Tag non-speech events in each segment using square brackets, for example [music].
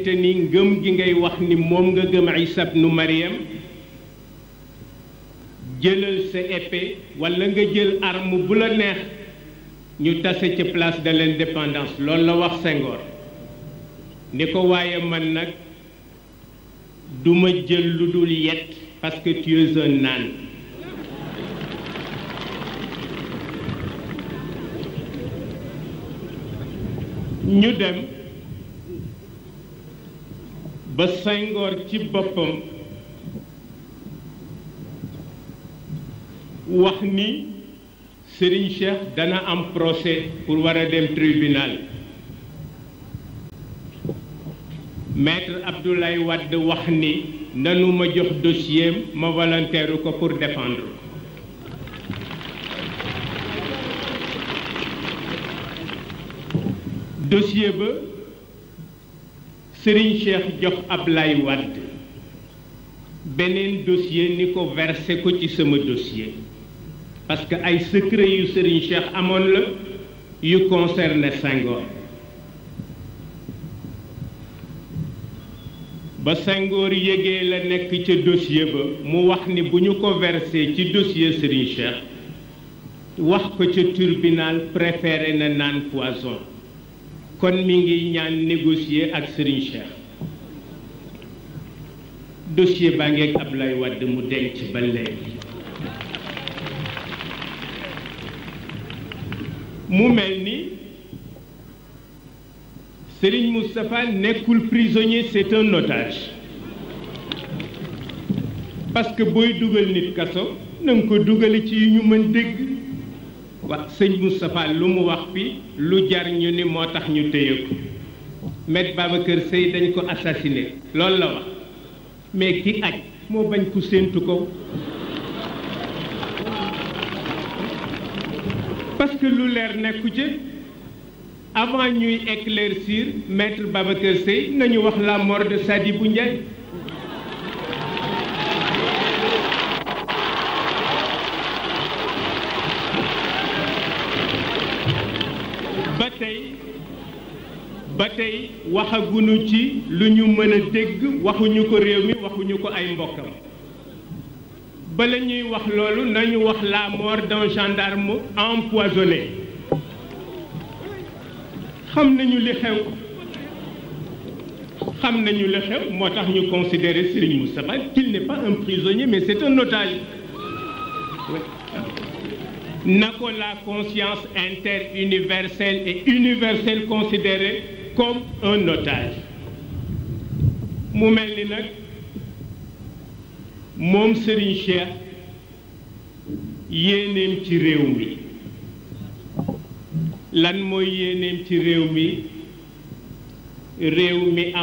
te ni ngëm gi ngay wax ni moom nga gëm Isa nu Maryam jëlal sa épée walla nga jël arme bula neex ñu tase ca place de l'indépendance lool la wax sengoor ni ko waaye man nag duma jël lu dul yet parce que tu es dem ba Senghor ci boppam wax ni Serigne Cheikh dana am procès pour war a dem tribunal maître Abdoulaye Wade wax ni nanu ma jox dossier ma volontaire ko pour défendre dossier ba Serigne Cheikh jox Ablaye Wade benen dossier ni ko versé ko ci sama dossier parce que ay secret yu Serigne Cheikh amone la yu concerné Senghor ba Senghor yegge la nek ci dossier ba mu wax ni buñu ko versé ci dossier Serigne Cheikh wax ko ci tribunal préféré na nan poison kon mi ngi ñaan négocier ak Serigne Cheikh dossier baa ngeeg Ablaye Wade mu denc ba léegi mu mel ni Serigne Moustapha nekkul prisonnier c'est un otage parce que booy dugal nit kaso na ko dugali ci yu ñu mën dégg ba sëñ Moustapha lu mu wax bi lu jar ñu ni moo tax ñu téye ko Maître Babacar Sèye dañ ko assassiné loolu la wax mais ki aj moo bañ ku séentu ko parce que lu leer nekku ci avant ñuy éclaircir Maître Babacar Sèye nañu wax la mort de bu Ndiaye tey waxaguñu ci lu ñu mën a dégg waxuñu ko réew mi waxuñu ko ay mbokkam bala ñuy wax nañu wax la mort d'un gendarme empoisonné xam nañu li xew xam li xew moo ñu considérer Serigne Moustapha qu'il n'est pas un prisonnier mais c'est un otage na ko la conscience interuniverselle et universelle considérée comme un otage mu mel ni nag Serigne Cheikh yéeneem ci réew lan moy yéeneem ci réew mi réew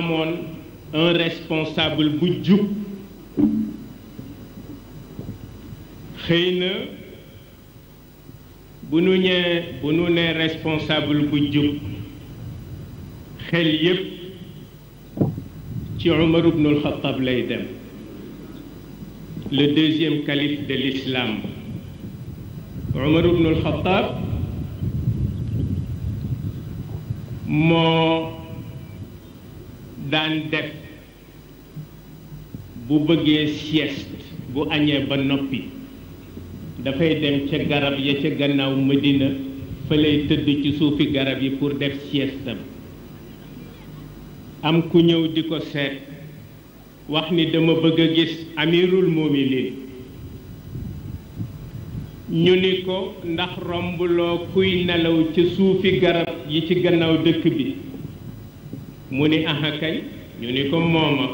un responsable bu jub xëy na bu nu bu nu responsable bu xel yépp ci Umar ibn al-Khattab lay dem le deuxième calife de l'islam Umar ibn al-Khattab moo daan def bu bëggee sieste bu añee ba noppi dafay dem ca garab ya ca gannaaw Medina fa lay tëdd ci suufi garab yi pour def siestam am ku ñëw di ko seet wax ni dama bëgg a gis amirul muminin ñu ni ko ndax rombloo kuy nelaw ci suufi garab yi ci gannaaw dëkk bi mu ni aha kañ ñu ni ko mooma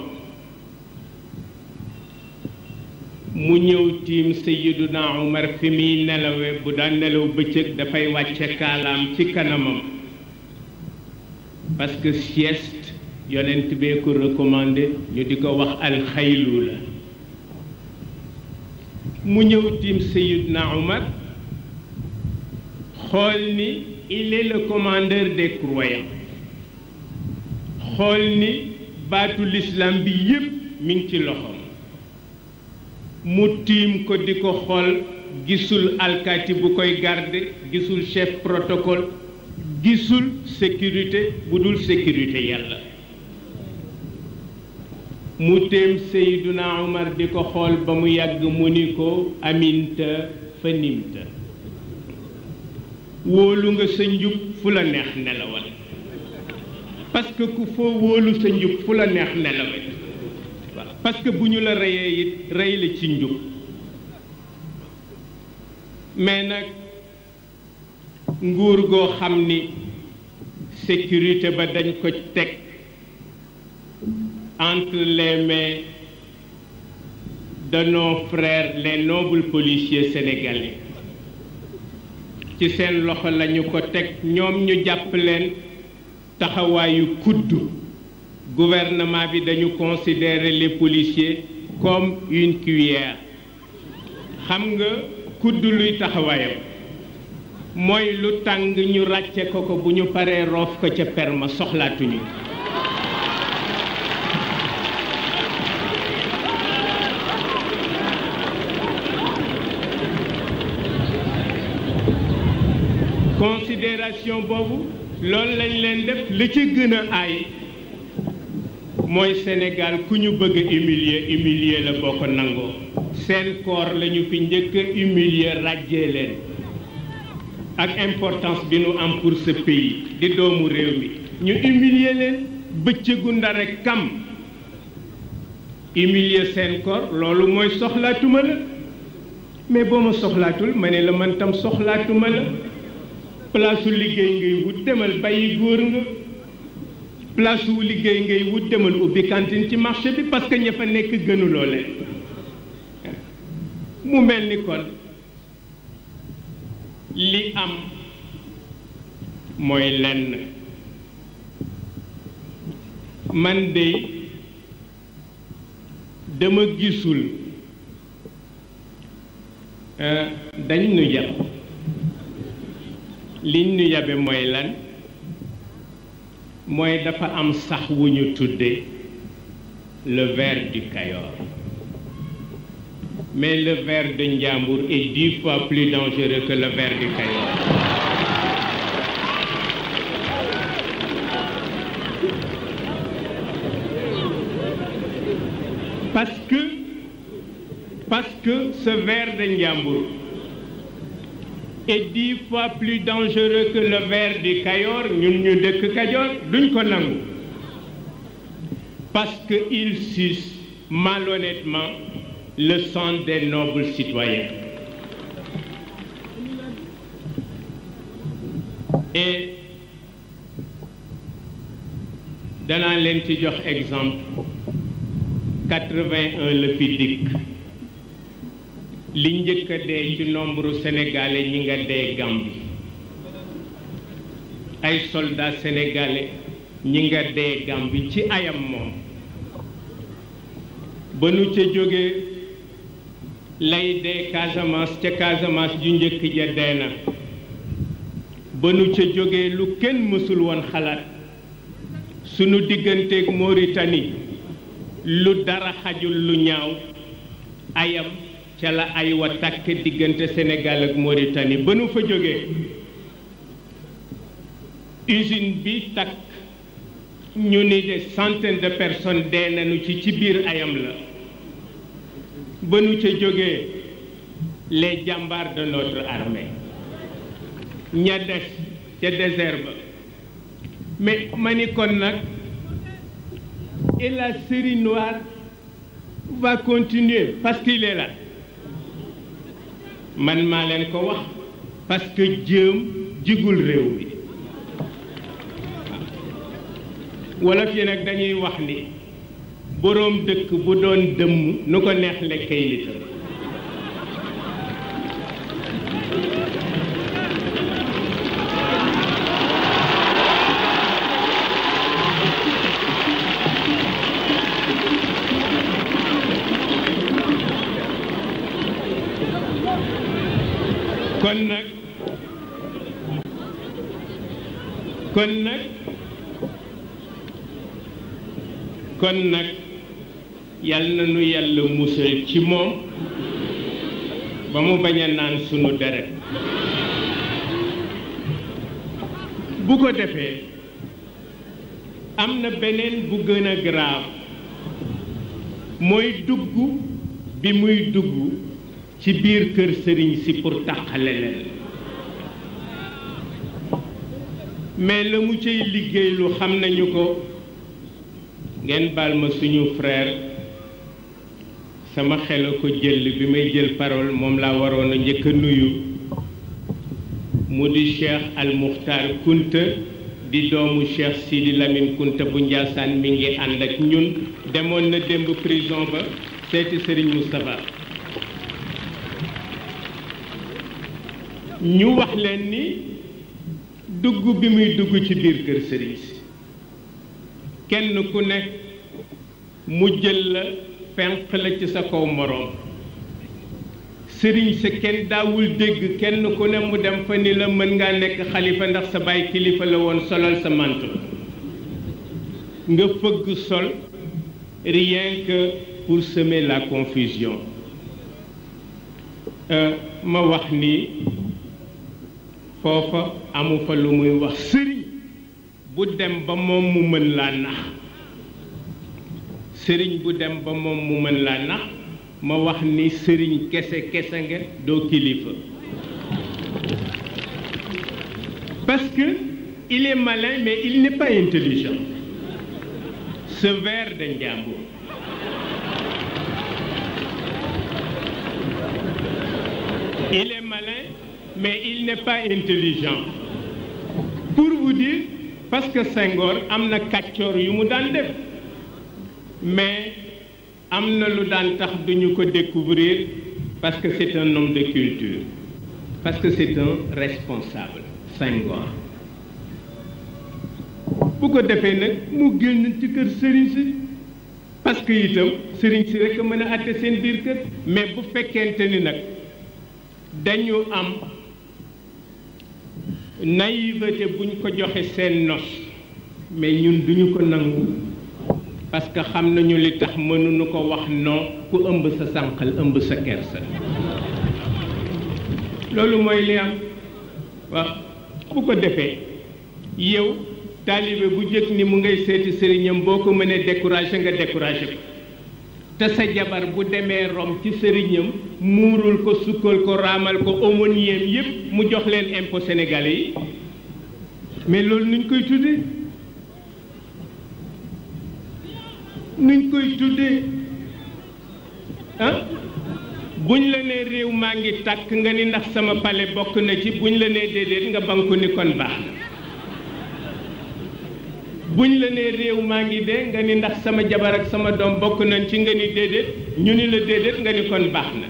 mu ñëw tiim sayiduna umar fi muy nelawe bu daan nelaw bëccëg dafay wàcce kaalaam ci kanamam parce que yonent bee ko recommandé ñu di ko wax alxaylu la mu ñëw tim Seydina Omar xool ni il est le commandeur xool ni baatu l'islam bi yépp mi ngi ci loxoom mu tiim ko di ko xool gisul alkaati bu koy garde gisul chef protocol gisul sécurité bu dul sécurité yàlla mu téem Seyduna Umar di ko xool ba mu yàgg mu ni ko aminta fa nimta wóolu nga sa njub fu la neex nelawal parce que ku foo wóolu sa njub fu la neex nelawal parce que bu ñu la reyee it rey la ci njub mais nag nguur goo xam ni sécurité ba dañ ko teg entre les mains de nos frères les nobles policiers sénégalais ci seen loxo lañu ko teg ñoom ñu jàpp leen taxawaayu kudd gouvernement bi dañu considérer les policiers comme une cuillère xam nga kudd luy taxawaayam mooy lu tàng ñu ràcce ko ko bu ñu paree roof ko ca perma soxlaatuñu émission boobu loolu lañ leen def li ci gën a aay mooy Sénégal ku ñu bëgg a humilier humilier la boo ko nangoo seen koor lañu fi njëkk a humilier ràjjee leen ak importance bi nu am pour ce pays di doomu réew mi ñu humilier leen bëccëgu ndare kam humilier seen koor loolu mooy soxlaatuma la mais boo ma soxlaatul ma ne la man tam soxlaatuma la place liggéey ngay wut demal bàyyi góor nga place wu liggéey ngay wut demal ubbi cantine ci marché bi parce que ña fa nekk gënuloo leen mu mel ni kon li am mooy lenn man de dama gisul euh, dañ nu yàpp liñ yabe mooy lan mooy dafa am sax le ver du Cayor mais le ver de Ndiambour est dix fois plus dangereux que le ver du Cayor parce que parce que ce ver de Ndiambour est dix fois plus dangereux que le verre du Cayor parce qu'il suce malhonnêtement le sang des nobles citoyens et dans l'intérieur, exemple 81 le fi li njëkk dee ci nombre sénégalais ñi nga dee Gambie ay soldats sénégalais ñi nga dee Gambie ci ayam moom ba nu ca jógee lay dee Casamance ca Casamance ju njëkk ja dee na ba nu ca jógee lu kenn mësul woon xalaat sunu digganteeg Mauritanie lu dara xajul lu ñaaw ayam ca la ay wa takk diggante Sénégal ak Mauritanie ba nu fa une usine bi takk ñu ni des centaines de personnes dee nañu ci ci biir ayam la ba nu ca fait les jàmbaar de notre armée ña des ca désert ba mais ma ni kon et la série noire va continuer parce qu'il est là man maa leen ko wax parce que jéem jigul réew mi wolof yi nag dañuy wax ni boroom dëkk bu doon dëmm nu ko neex lekkay kon nag kon nag yal na nu yàlla musal ci moom ba mu bañ a naan sunu deret bu ko defee am na beneen bu gëna a mooy dugg bi muy dugg ci biir kër sëriñ si pour tàqale leen mais la mu cay liggéey lu xam nañu ko ngeen baal ma suñu frère sama xel a ko jël bi may jël parole moom laa waroon a njëkk a nuyu mu di Cheikh Al Mukhtar Kunta di doomu Cheikh Sidi Lamine Kunta bu Njaasaan mi ngi ànd ak ñun demoon na démb prison ba seeti Serigne Moustapha ñu wax leen ni dugg bi muy dugg ci biir kër sëriñ si kenn ku nekk mu jël la penq la ci sa kaw moroom sëriñ si kenn daawul dégg kenn ku ne mu dem fa ni la mën nga nekk xalifa ndax sa baay kilifa la woon solal sa mantu nga fëgg sol rien que pour semer la confusion euh, ma wax ni foofa amu fa lu muy wax sëriñ bu dem ba moom mu mën laa nax sëriñ bu dem ba moom mu mën laa nax ma wax ni sëriñ kese kese nga doo kilifa parce que il est malin mais il n'est pas intelligent ce verre de Ndiambour il est malin mais il n'est pas intelligent pour vous dire parce que Senghor a na quatre yu mais il na lu dan tax duñu ko découvrir parce que c'est un homme de culture parce que c'est un responsable Senghor bu ko defee nak mu ci kër parce que itam sëriñ si rek a atté a seen mais bu faire ni dañu am naïveté buñ ko joxe seen nos mais ñun duñu ko nangu parce que xam nañu li tax mënuñu ko wax noo ku ëmb sa sànqal ëmb sa kersa loolu mooy li am waaw bu ko defee yow taalibe bu jëkk ni mu ngay seeti sëriñam boo ko mënee découragé nga découragé ko te sa jabar bu demee rom ci sëriñam muurul ko sukkal ko raamal ko aumônier yépp mu jox leen impôt sénégalais yi mais loolu nuñ koy tuddee nuñ koy tuddee ah buñ la nee réew maa ngi tàkk nga ni ndax sama pale bokk na ci buñ la nee déedéet nga banku ni kon baax na buñ la nee réew maa ngi dee nga ni ndax sama jabar ak sama doom bokk nañ ci nga ni déedéet ñu ni la déedéet nga ni kon baax na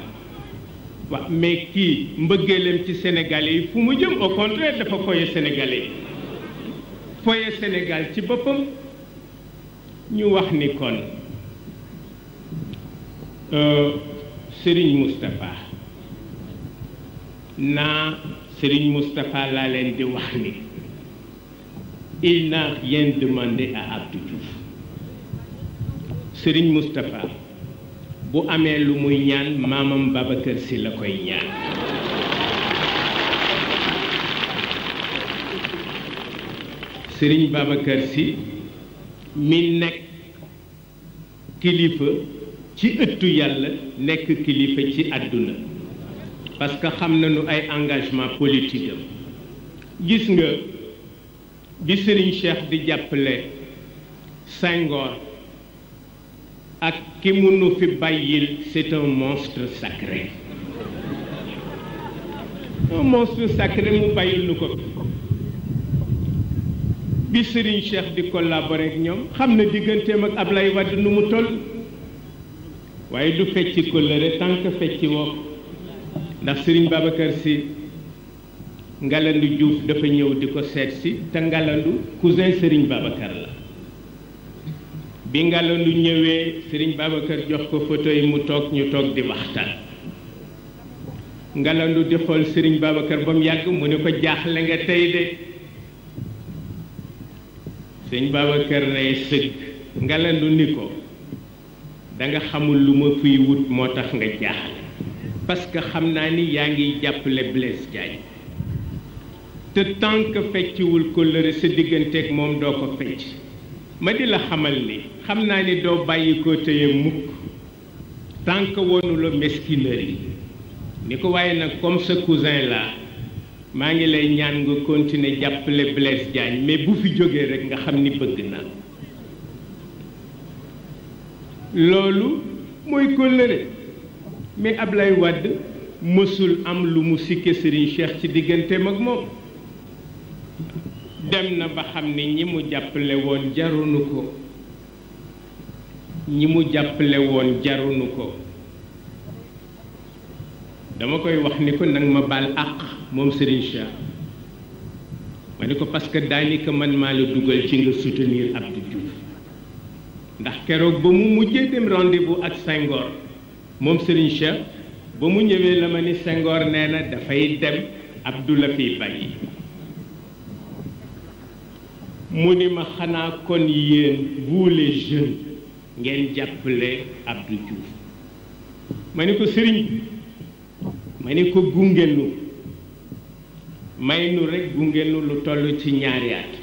waaw mais kii mbëggeelam ci Sénégalais yi fu mu jëm au contraire dafa foye Sénégalais yi foye Sénégal ci boppam ñu wax ni kon euh, sëriñ Moustapha naa Serigne Moustapha laa leen di wax ni il n'a rien demandé à Abdou Diouf Serigne Moustapha bu amé lu muy ñaan mamam Babacar si la koy ñaan Serigne Babacar si mi nek kilifa ci ëttu yalla nek kilifa ci aduna parce que xam nañu ay engagement politique gis nga bi Serigne Cheikh di jappelé Senghor ak ki mu fi bayil c'est un monstre sacré un monstre sacré mu bayil nu ko bi Serigne Cheikh di collaborer ak ñom xamna na ak Ablaye Wade nu mu toll waye du fecci kóllëre tant que fecci woo ndax Serigne Babacar Sy Ngalandu Diouf dafa ñëw di ko seet si te Ngalandu cousin Serigne Babacar la bi Ngalandu ñëwee Serigne Babacar jox ko photo mu toog ñu toog di waxtaan Ngalandu di xool Serigne Babacar ba mu yàgg mu ne ko jaaxle nga tey de Serigne Babacar ne sëgg Ngalandu ni ko danga xamul lu ma fiy wut moo tax nga jaaxle parce que xam naa ni yaa ngi jàppale Blaise Diagne te tant que ko kóllëre sa digganteeg moom doo ko fecc ma di la xamal ni xam naa ni doo bàyyi ko téye mukk tant wonu wonula mesquinerie ni ko waaye nag comme sa cousin la maa ngi lay ñaan nga continuer jàppale Blaise Diagne mais bu fi jógee rek nga xam ni bëgg na loolu mooy kóllëre mais Ablaye Wade mësul am lu mu sikke Serigne Cheikh ci digganteem ak moom dem na ba xam ne ñi mu jàppale woon jaruñu ko ñi mu jàppale woon jarunu ko dama koy wax ni ko nag ma baal àq moom Serigne Cheikh ma ni ko parce que daanaka man maa la dugal ci nga soutenir Abdou Diouf ndax keroog ba mu mujjee dem rendez-vous ak sengoor moom Serigne Cheikh ba mu ñëwee la ma ni Senghor nee na dafay dem Abdou la fiy bàyyi mu ni ma xanaa kon yéen vous les ngeen jàppale Abdou Diouf ma ni ko sëriñ ma ni ko gungenu may nu rek gungenu lu toll ci ñaari at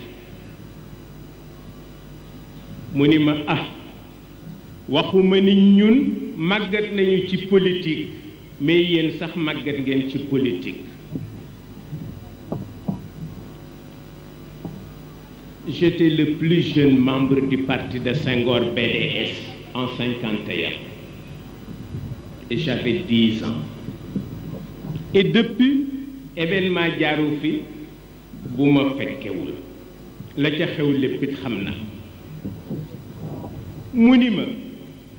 mu ni ma ah waxuma ni ñun màggat nañu ci politique mais yéen sax màggat ngeen ci politik j'étais le plus jeune membre du parti de Senghor BDS en 51. Et j'avais 10 ans. Et depuis, événement jaaru fi ma fait la ca xew le it Je na mu pas ma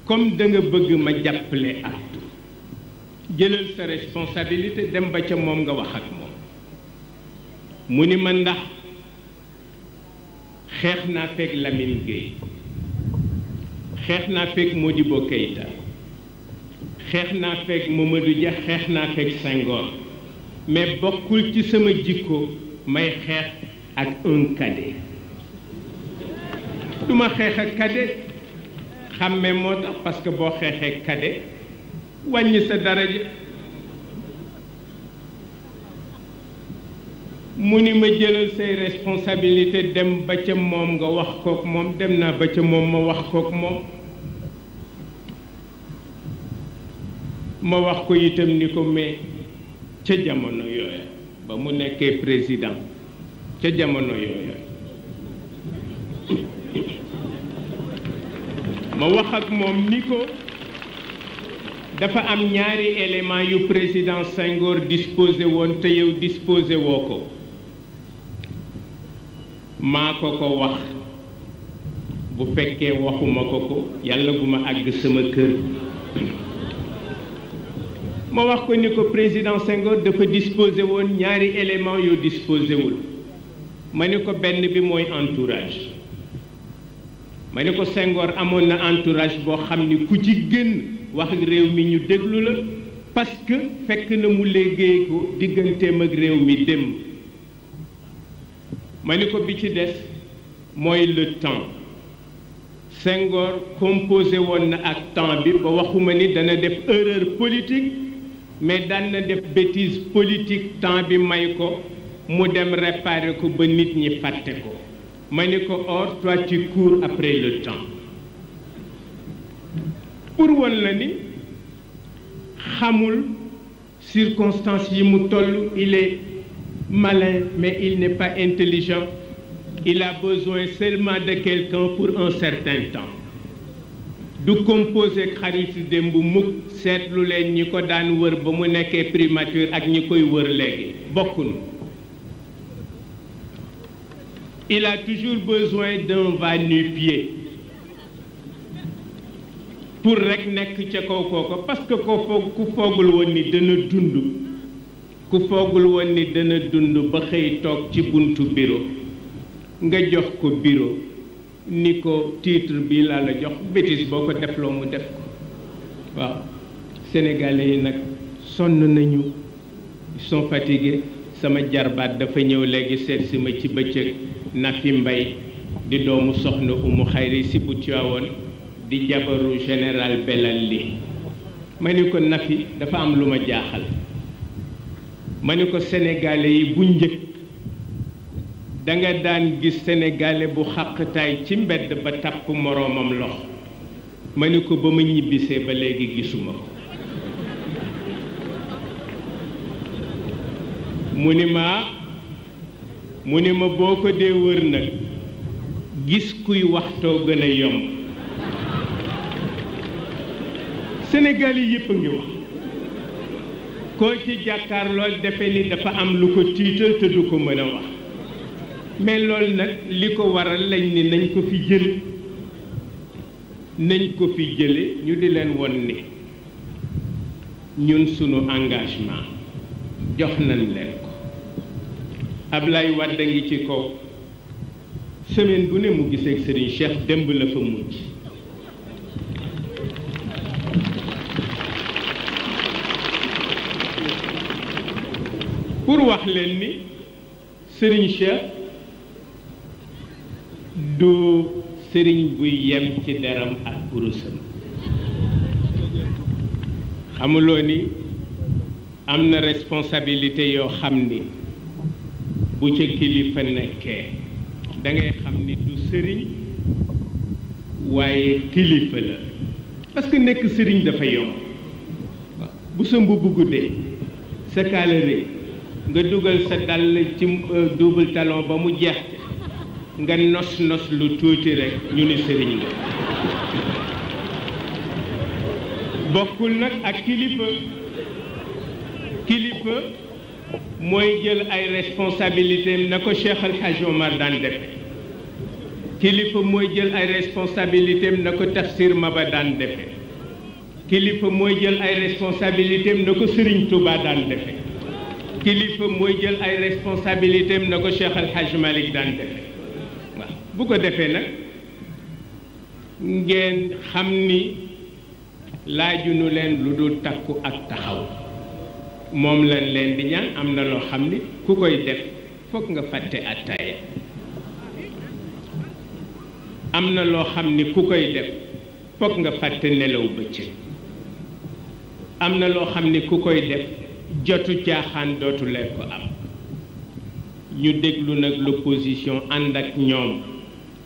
comme da nga bëgg ma jàppale Abdou sa responsabilité de me ca moom nga wax ak xeex naa fekk Lamine Gueye xeex naa fekk Modibo Keïta xeex naa fekk Mamadou Dia xeex naa fekk Senghor mais bokkul ci sama jikko may xeex ak un cadet du ma xeex ak cadet xàmmee moo tax parce que boo xeexee cadet wàññi sa daraja mu ni ma jëlal say responsabilité dem ba ca moom nga wax kook moom dem naa ba ca moom ma wax kook moom ma wax ko itam ni ko mais ca jamono yooya ba mu nekkee président ca jamono yooya ma wax ak moom ni ko dafa am ñaari élément yu président Senghor disposé woon te yow disposé woo ko maa ko ko wax bu fekkee waxuma ko ko yàlla bu ma àgg sama kër ma wax ko ni ko président Senghor dafa disposé woon ñaari élément yoo disposé wul ma ni ko benn bi mooy entourage ma ni ko Senghor amoon na entourage boo xam ni ku ci génn wax ak réew mi ñu déglu la parce que fekk na mu liggéey ko digganteem ak réew mi dem ma ni ko bi ci des mooy le temps Senghor composé woon na ak temps bi ba waxuma ni dana def erreur politique mais dana def bêtise politique temps bi may ko mu dem réparer ko ba nit ñi fàtte ko ma ni ko or toi tu cours après le temps pour woon la ni xamul circonstances yi mu toll il est malin, mais il n'est pas intelligent. Il a besoin seulement de quelqu'un pour un certain temps. du composé xaritu démb muk seetlu leen ñi ko daan wër ba mu nekkee primature ak ñi koy wër il a toujours besoin d'un va nu pour rek nek ca kaw parce que ko foog ku fogul woni de ne dund ku foogul woon ni dana dund ba xëy toog ci buntu biro nga jox ko biro ni ko titre bi laa la jox bêtise boo ko defloo mu def ko waaw sénégalais yi nag sonn nañu ils sama jarbaat dafa ñëw léegi seet si ma ci bëccëg Nafi Mbay di doomu soxna umu xayri si bu di jabaru général Belal li ma ni ko Nafi dafa am lu ma jaaxal ma ne ko senegaale yi bu njëkk danga daan gis senegaale bu xàqtaay ci mbedd ba tàpp moroomam lox ma ne ko ba ma ñibbisee ba léegi gisuma ko mu ni ma mu ne ma boo ko dee wër nag gis kuy waxtoo gën a yomb sénégalais yépp a ngi wax koo ci jàkkaarloo defe ni dafa am lu ko tiital te du ko mën a wax mais lool nag li ko waral lañ ni nañ ko fi jël nañ ko fi jële ñu di leen won ni ñun sunu engagement jox nañ leen ko Ablaye Wade a ngi ci kaw semaine bu ne mu gisee ak Serigne Cheikh démb la fa mujj pour wax leen ni sëriñ Cheikh du sëriñ buy yem ci deram ak burusam xamuloo ni am na responsabilité yoo xam ni bu ca kilifa nekkee da ngay xam ni du sëriñ waaye kilifa la parce que nekk sëriñ dafa yomb bu sa mbubb guddee sa kaala rëy nga dugal sa dàll ci euh, double talon ba mu jeex nga nos nos lu tuuti rek ñu ni sëriñ nga bokkul nag ak kilifa kilifa mooy jël ay responsabilités na ko Cheikh Al Hadj Omar daan mooy jël ay responsabilités na ko Tafsir Maba daan defe kilifa mooy jël ay responsabilités na ko Sëriñ Touba daan defe kilifa mooy jël ay responsabilité am na ko seexal Al Hadj daan def waaw bu ko defee nag ngeen xam ni laajunu leen lu dul takku ak taxaw moom lañ leen di ñaan am na loo xam ni ku koy def foog nga fàtte attaaya am na loo xam ni ku koy def foog nga fàtte nelaw bëccëg am na loo xam ni ku koy def jotu caaxaan dootu leen am ñu déglu l'opposition ànd ak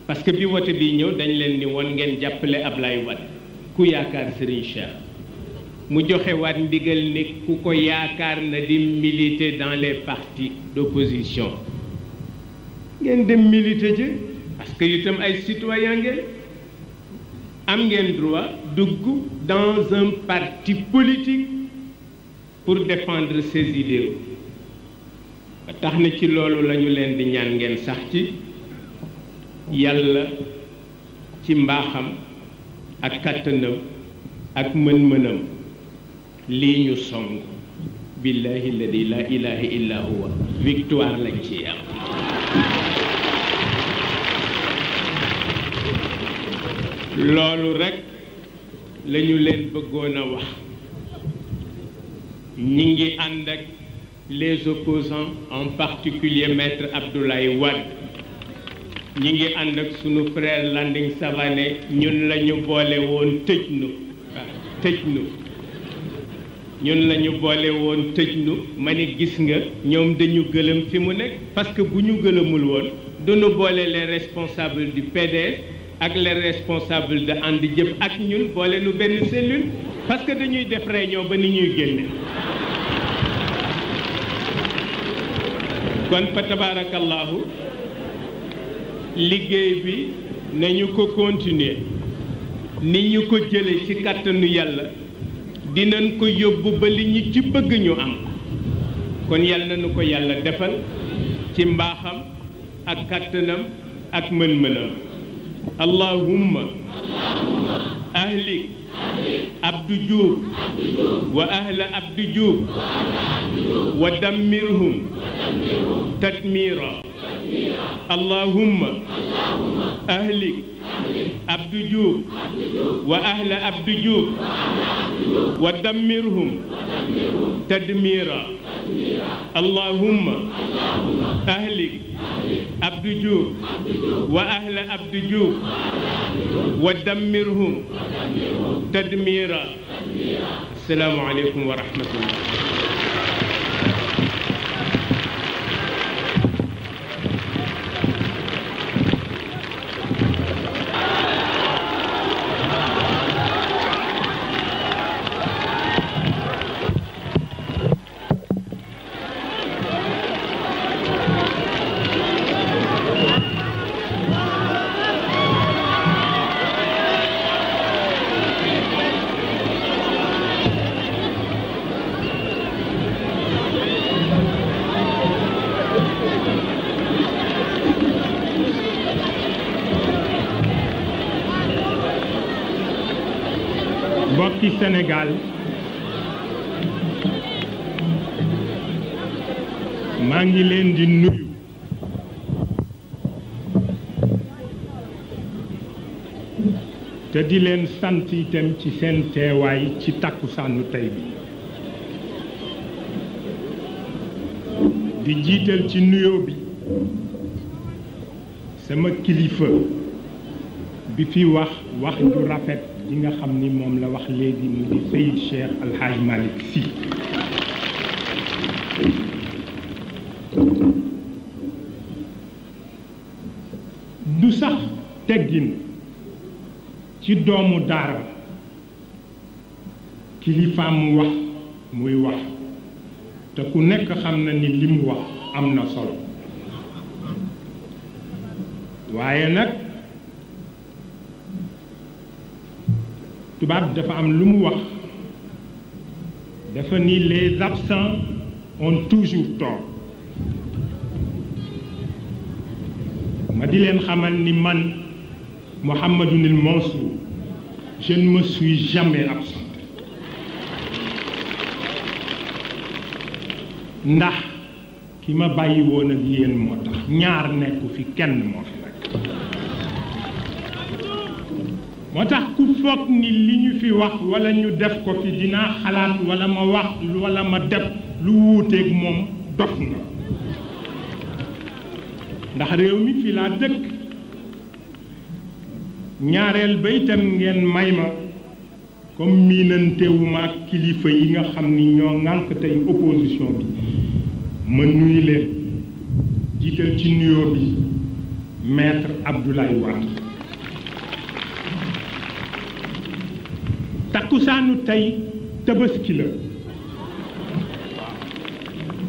parce que bi vous bi ñëw dañ leen ni vous ngeen jàppale Ablaye wat ku yaakaar Cheikh mu joxe waat ndigal ni ku a na di militer dans les partis d'opposition ngeen dem militer parce que itam ay citoyen ngeen am ngeen droit dans un parti politique pour défendre ses idéaux ba tax na ci loolu lañu leen di ñaan ngeen sax ci yàlla ci mbaaxam ak kàttanam ak mën-mënam lii ñu song billahi alladi la ilaha illa huwa victoire lañ ci am loolu rek lañu leen bëggoon a wax ñi ngi les opposants en particulier maître Abdoulaye Wade ñi ngi sous ak sunu frère Landing Savané ñun la ñu boole Tejnu. tëj nu tëj ñun la ñu boole woon tëj nu ma gis nga ñoom dañu fi mu parce que bu ñu gëlëmul woon duñu boole les responsables du PDS avec les responsables de And Jëf ak ñun nous nu benn cellule parce que dañuy def réunion ba ni ñuy génne kon fa tabaarakallaahu liggéey bi nañu ko continuer ni ñu ko jële ci kàttanu yàlla dinañ ko yóbbu ba li ñu ci bëgg ñu am kon yàlla nañu ko yàlla defal ci mbaaxam ak kàttanam ak mën-mënam allahumma ahlik عبد جوب وأهل عبد جوب ودمرهم تدميرا اللهم أهلك عبد جوب وأهل عبد جوب ودمرهم تدميرا اللهم أهلك عبد جوب وأهل عبد جوب ودمرهم تدميرا السلام عليكم ورحمة الله senegaal maa ngi leen di nuyu te di leen sant itam ci seen teewaay ci takkusaanu tey bi di jiital ci nuyoo bi sama kilifa bi fi wax wax ju rafet li nga xam ni moom la wax léegi mu di Seyid Cheikh Alhaaj Malick Sy du sax teggin ci doomu daara kilifaam wax muy wax te ku nekk xam na ni li mu wax am na solo waaye nag tubaab dafa am lu mu wax dafa ni les absents ont toujours tort ma di leen xamal ni man Mouhamadoul Mansour je ne me suis jamais absent ndax ki ma bàyyi woon ak yéen moo tax ñaar nekku fi kenn moo moo tax ku foog ni li ñu fi wax walla ñu def ko fi dinaa xalaat walla ma wax wala ma def lu wuuteeg moom dof na ndax réew mi fi laa dëkk ñaareel ba itam ngeen may ma comme miinantewu ma kilifa yi nga xam ni ñoo ŋànk tey opposition bi ma nuyu leen jiital ci nuyoo bi maître Abdoulaye Wade takkusaanu tey tabaski la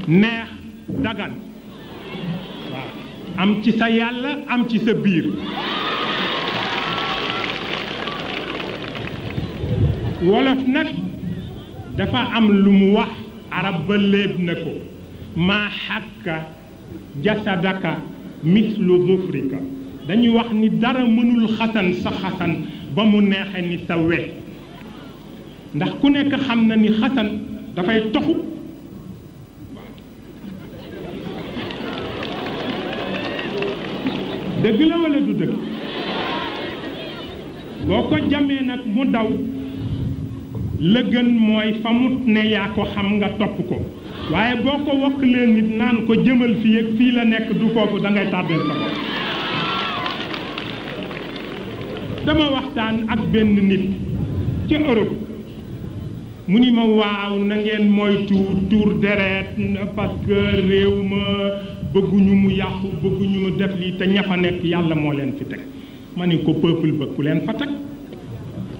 neex dagan am ci sa yàlla am ci sa bir wolof nak dafa am lu mu wax arab ba léeb na ko maa jasadaka mislu zufrika dañuy wax ni dara mënul xatan sa xatan ba mu neexe ni sa wet ndax ku nekk xam na ni xasan dafay toxu dëgg la wala du dëgg boo ko jamee nag mu daw la gën mooy fa mu ne yaa ko xam nga topp ko waaye boo ko wokk leen nit naan ko jëmal fii ak fii la nekk du foofu dangay ngay tàddeel dama waxtaan ak benn nit ci Europe mu ni ma waaw na ngeen moytu tuur deret parce que réew ma bëgguñu mu yàqu bëgguñu mu def lii te ña fa nekk yàlla moo leen fi teg ma ni ko peuple ba ku leen fa teg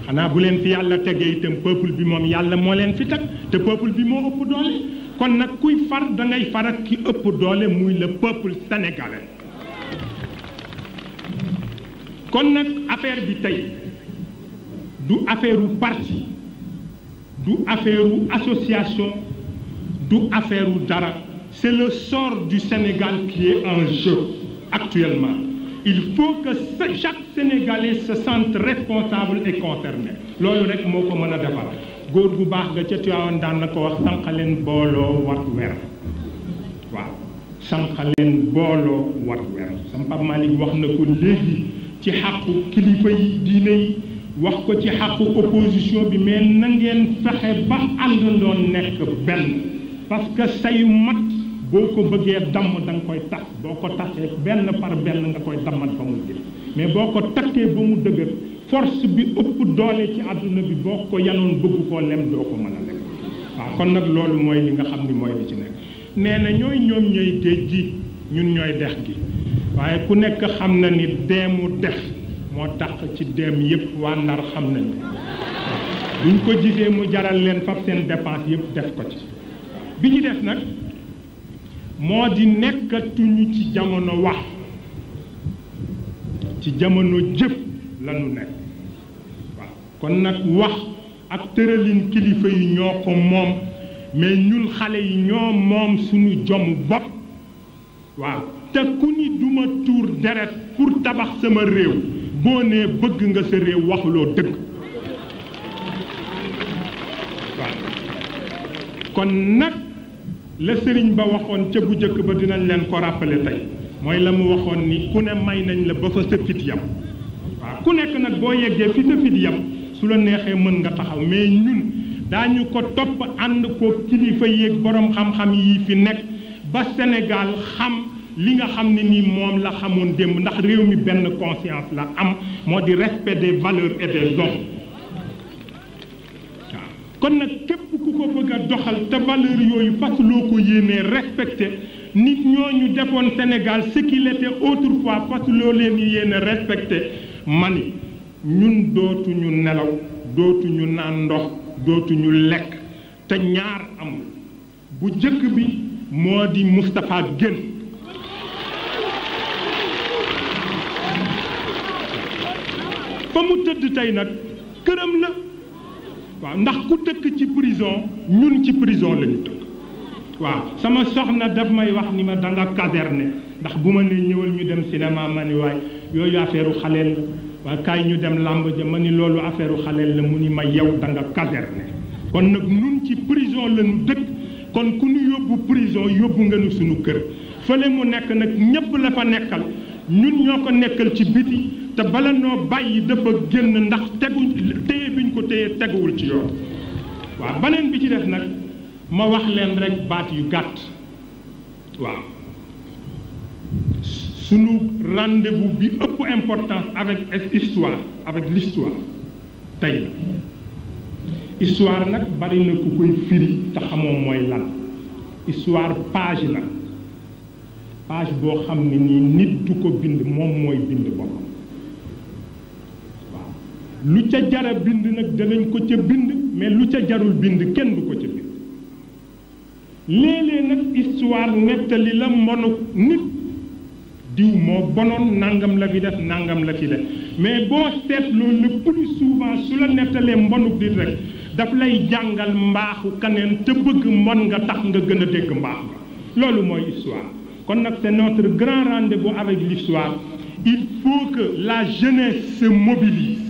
xanaa bu leen fi yàlla tegee itam peuple bi moom yàlla moo leen fi teg te peuple bi moo ëpp doole kon nag kuy far da ngay far ak ki ëpp doole muy le peuple sénégalais kon nag affaire bi tey du affaire u parti du affaire ou association, du affaire ou dara. C'est le sort du Sénégal qui est en jeu actuellement. Il faut que chaque Sénégalais se sente responsable et concerné. loolu rek moo ko mën a defar góor gu bax ga ci Tiwaawan daan na ko wax sànqaleen booloo war wer waaw sànqaleen booloo war wer sama Pape Malick wax na ko léegi ci xàqu kilifa yi diine yi wax ko ci xàqu opposition bi mais na ngeen fexe ba àndandoo nekk benn parce que sayu mat boo ko bëggee damm danga koy tax boo ko taxee benn par benn nga koy dammat ba mu jël mais boo ko takkee ba mu dëgër force bi ëpp doole ci àdduna bi boo ko yanoon bëgg koo lem doo ko mën a lem waaw kon nag loolu mooy li nga xam ni mooy li ci nekk nee na ñooy ñoom ñooy géej gi ñun ñooy dex gi waaye ku nekk xam na ni deemu dex moo tax ci dem yëpp waa Ndar xam nañu buñ ko gisee mu jaral leen fab seen dépense yëpp def ko ci bi ñu def nag moo di nekkatuñu ci jamono wax ci jamono jëf lañu nekk kon nag wax ak tëralin kilifa yi ñoo ko moom mais ñun xale yi ñoo moom suñu jom bopp waaw te ku ni duma tuur deret pour tabax sama réew boo nee bëgg nga sa réew waxuloo dëgg kon nag la sëriñ ba waxoon ca bu njëkk ba dinañ leen ko rappeler tey mooy la mu waxoon ni ku ne may nañ la ba fa sa fit yam waaw ku nekk nag boo yeggee fi sa yam su la neexee mën nga taxaw mais ñun daañu ko topp ànd ko kilifa yéeg borom xam-xam yi fi nekk ba Sénégal xam li nga xam ne ni moom la xamoon démb ndax réew mi benn conscience la am moo di respect des valeurs et des hommes kon nag képp ku ko bëgg a doxal te valeurs yooyu fasuloo ko yéenee respecté nit ñooñu defoon Sénégal ce qu'il était autrefois fasuloo leen yéene respecté mani ñun dootuñu nelaw dootuñu naan ndox dootuñu lekk te ñaar amul bu jëkk bi moo di Moustapha Guèye fa mu tëdd tey nag këram la waaw ndax ku dëkk ci prison ñun ci prison la ñu dëkk waaw sama soxna daf may wax ni ma da nga ndax bu ma ne ñëwal ñu dem cinéma ma ni waay yooyu affaire xaleel la waaye kaay ñu dem làmb ja ma ni loolu affaire xaleel la mu ni ma yow da nga kon nag ñun ci prison lañu ñu dëkk kon ku ñu yóbbu prison yóbbu nga nu suñu kër fële mu nekk nag ñëpp la fa nekkal ñun ñoo ko nekkal ci biti te bala noo bàyyi dafa génn ndax tegu téye biñ ko téye teguwul ci yoon waaw beneen bi ci def nag ma wax leen rek baat yu gàtt waaw sunu rendez-vous bi ëpp importance avec histoire avec l'histoire tey la histoire nag bari na ku koy firi te xamoo mooy lan histoire page la page boo xam ne nii nit du ko bind moom mooy bind boppam lu ca jara bind nag danañ ko ca bind mais lu ca jarul bind kenn du ko ca bind léeg-léeg nag histoire nettali la mbonu nit diw moo bonoon nangam la fi def nangam la fi def mais boo seetloo le plus souvent su la nettalee mbonu nit rek daf lay jàngal mbaaxu kaneen te bëgg mon nga tax nga gën a dégg mbaax loolu mooy histoire kon nag c'est notre grand rendez-vous avec l'histoire il faut que la jeunesse se mobilise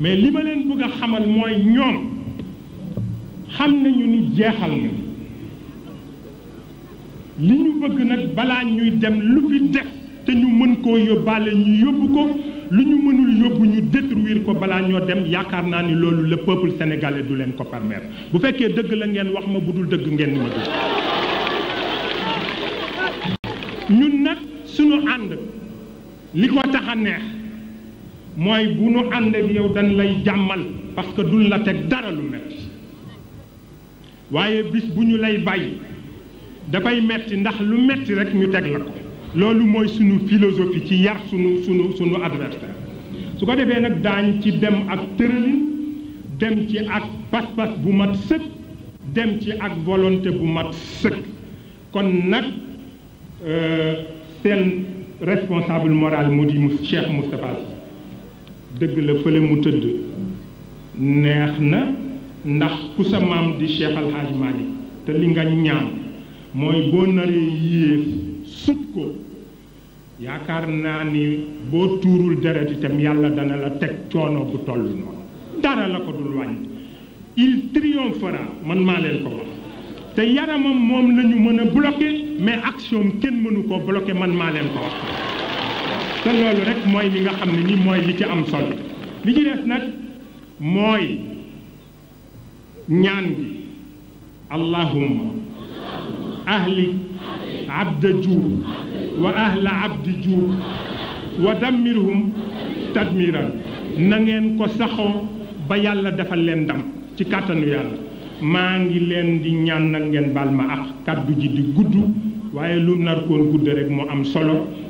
mais li ma leen bëgg a xamal mooy ñoom xam nañu ni jeexal na li ñu bëgg nag balaa ñuy dem lu fi def te ñu mën koo yóbbaale ñu yóbbu ko lu ñu mënul yóbbu ñu détruire ko balaa ñoo dem yaakaar naa ni loolu le peuple sénégalais du leen ko permettre bu fekkee dëgg la ngeen wax ma bu dul dëgg ngeen ma dul ñun nag suñu ànd li ko tax a neex mooy bu nu ànd ak yow dañ lay jàmmal parce que duñ la teg dara lu metti waaye bis bu ñu lay bàyyi dafay metti ndax lu metti rek ñu teg la ko loolu mooy sunu philosophie ci yar sunu sunu sunu adversaire su ko defee nag daañ ci dem ak tëralin dem ci ak pas-pas bu mat sëkk dem ci ak volonté bu mat sëkk kon nag euh, seen responsable moral mu di Cheikh Moustapha dëgg la fële mu tëdd neex na ndax ku sa maam di Cheikh Al te li nga ñaan mooy boo naree yéef sut ko yaakaar naa ni boo tuurul deret itam yàlla dana la teg coono bu toll noonu dara la ko dul wàññi il triomphera man maa leen ko wax te yaramam moom la mën a bloqué mais action kenn mënu ko bloqué man maa leen ko wax te loolu rek mooy li nga xam ne ni mooy li ci am solo li ci des nag mooy ñaan gi allahumma ahli عبد جور وأهل عبد جور ودمرهم تدميرا نغن كو سخو با يالا دافال لين دام ci katanu yalla balma ngi len di ñaan nak ngeen bal ma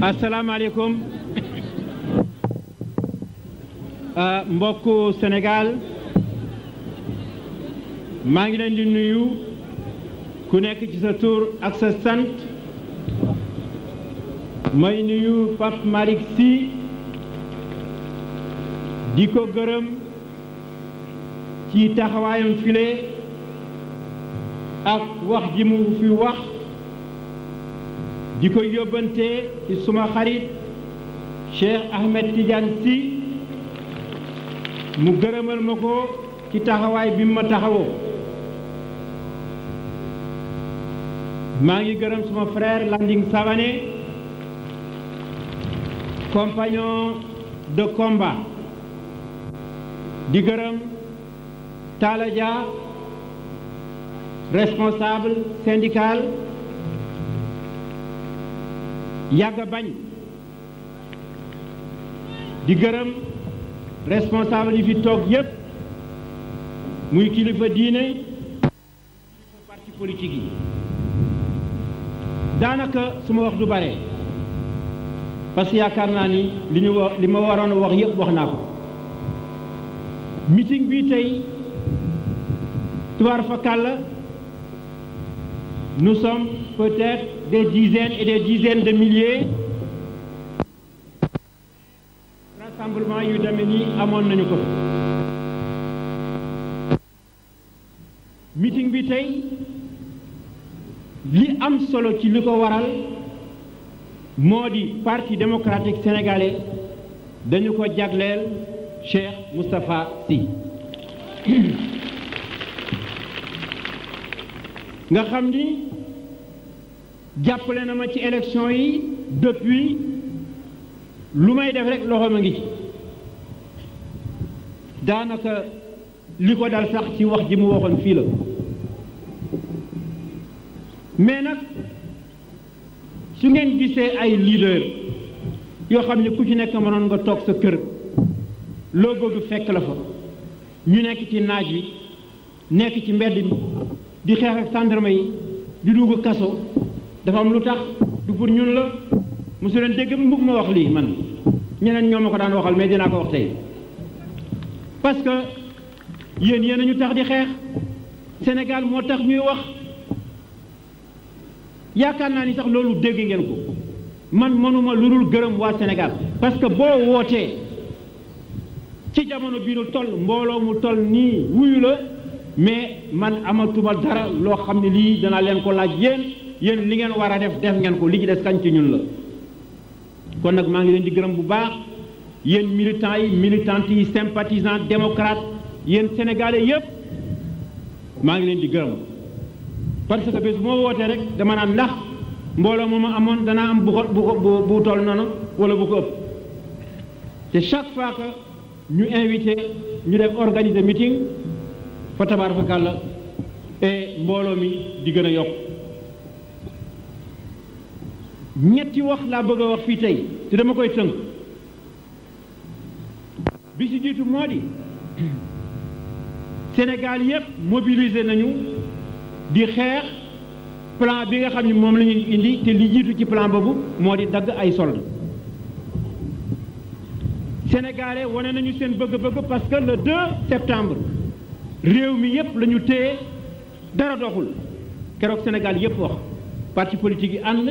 asalaamaaleykum [laughs] euh, mbokk Sénégal maa ngi leen di nuyu ku nekk ci sa tur ak sa sant may nuyu Pape Malick Sy di ko gërëm ci taxawaayam file ak wax ji mu fi wax di yobante isuma ci suma Cheikh Ahmed Tidiane Sy mu gërëmal mako ci taxaway bi ma frère Landing Savané compagnon de combat di gërëm responsable syndical euh, y a bañ di gërëm responsable yi fi toog muy kilifa diine parti politique yi daanaka suma wax du parce que yaakaar naa ni meeting nous sommes peut-être des dizaines et des dizaines de milliers rassemblement yu à nii meeting bi li am solo ci li waral modi parti démocratique sénégalais dañu ko jagleel Cheikh Moustapha Sy nga jàppale na ma ci élection yi depuis lu may def rek loxo ma ngi ci daanaka li ko dal sax ci wax ji mu waxoon fii la mais nag su ngeen gisee ay leader yoo xam ne ku ci nekk mënoon nga toog sa kër loo bëgg fekk la fa ñu nekk ci naaj wi nekk ci mbedd mi di xeex ak gendarme yi di dugg kaso dafa am lu tax du pour ñun la mosu leen dégg mbug ma wax lii man ñeneen ñoo ma ko daan waxal mais dinaa ko wax tey parce que yéen yéen ñu tax di xeex Sénégal moo tax ñuy wax yaakaar naa ni sax loolu dégg ngeen ko man mënuma lu dul gërëm waa Sénégal parce que boo wootee ci jamono bii nu toll mbooloo mu toll nii wuyu la mais man amatuma dara loo xam ne lii danaa leen ko laaj yéen yéen li ngeen war a def def ngeen ko li ci des kañ ci ñun la kon nag maa ngi leen di gërëm bu baax yéen militants yi militantes yi sympathisants démocrates yéen sénégalais yépp maa ngi leen di gërëm parce que bés bu ma wootee rek dama naan ndax mbooloo moom ma amoon danaa am bu ko bu ko bu toll noonu wala bu ko ëpp te chaque fois que ñu invité ñu def organiser meeting fa tabaar fa kàlla et mbooloo mi di gën a yokk ñetti wax laa bëgg a wax fii tey te dama koy tënk bi ci jiitu moo di Sénégal yëpp mobilisé nañu di xeex plan bi nga xam ne moom la ñuy indi te li jiitu ci plan boobu moo di dagg ay solde Sénégalais wane nañu seen bëgg-bëgg parce que le 2 septembre réew mi yëpp la ñu téye dara doxul keroog Sénégal yëpp wax parti politique yi ànd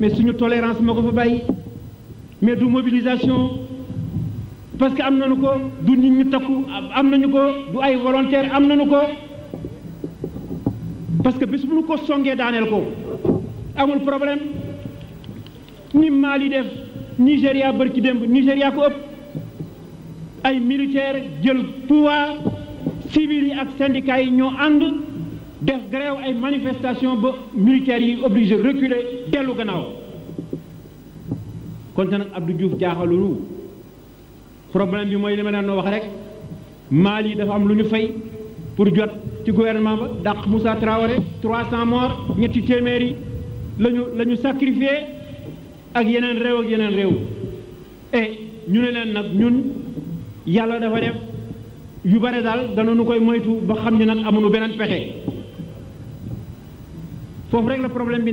mais suñu tolérance mako fa bàyyi mais du mobilisation parce que am nañu ko du nit ñu takku am nañu ko du ay volontaire am nañu ko parce que bis bu ko songé daanel ko amul problème ni Mali def nigeria bër ci démb ko ëpp ay militaire jël pouvoir civil yi ak syndicats yi ñoo ànd def grève ay manifestation ba militaires yi obligé reculer kon Abdou problème bi mooy wax rek Mali am pour jot gouvernement ba Moussa Traoré 300 morts ñetti avons lañu sacrifié ak ak et nous, eh, ne leen nag ñun yàlla dafa nous yu bare daal danañu koy moytu ba xam problème bi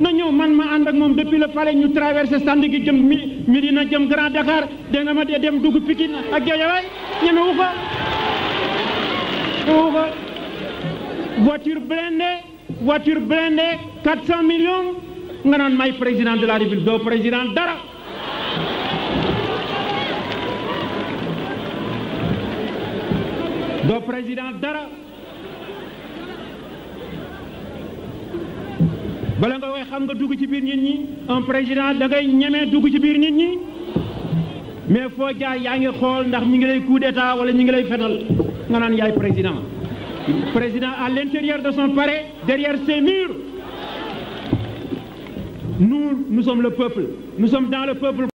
na ñëw man ma ànd ak moom depuis le palais ñu traversé Sandaga jëm Médina jëm Grand Dakar dégg nga ma dee dem dugg Pikine ak Guédiawaye ñeme wu ko ñeme wu ko voiture blindée voiture blindée 400 nga naan may président de la République doo président dara doo président dara bala nga xam nga un président da ngay ñemee dugg ci biir nit ñi mais foo jaay yaa ngi xool ndax ñu ngi lay coup d'état wala ñu ngi lay fetal nga naan yaay président président à l'intérieur de son palais derrière ses murs nous nous sommes le peuple nous sommes dans le peuple